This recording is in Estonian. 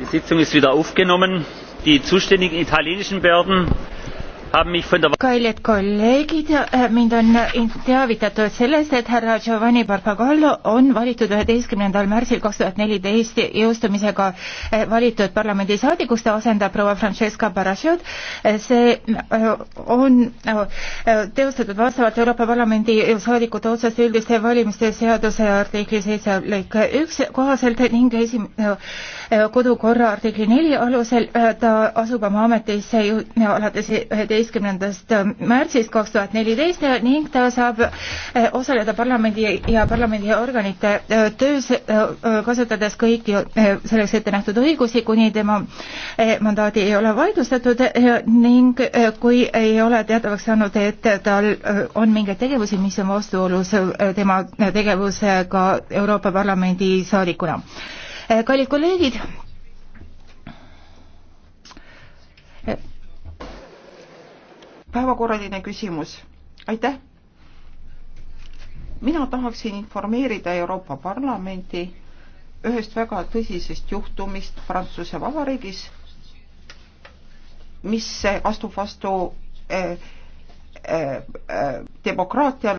die sitzung ist wieder aufgenommen. die zuständigen italienischen behörden haben mich von der kallid kolleegid, äh, mind on teavitatud sellest, et härra Giovanni Barbagallo on valitud üheteistkümnendal märtsil kaks tuhat neliteist jõustumisega äh, valitud parlamendisaadikuks, ta asendab proua Francesca Barashut. Äh, see on teostatud vastavalt Euroopa Parlamendi saadikute otsest üldiste valimiste seaduse artikli seitse lõike üks kohaselt ning esim-, Äh, kodukorra artikli neli alusel äh, ta asub oma ametisse äh, alates üheteistkümnendast märtsist kaks tuhat neliteist ning ta saab osaleda parlamendi ja parlamendiorganite töös, kasutades kõiki selleks ette nähtud õigusi, kuni tema mandaadi ei ole vaidlustatud ning kui ei ole teatavaks saanud, et tal on mingeid tegevusi, mis on vastuolus tema tegevusega Euroopa Parlamendi saadikuna Eh, kallid kolleegid. Eh. päevakorraline küsimus, aitäh. mina tahaksin informeerida Euroopa Parlamenti ühest väga tõsisest juhtumist Prantsuse Vabariigis, mis astub vastu eh, eh, eh demokraatiale.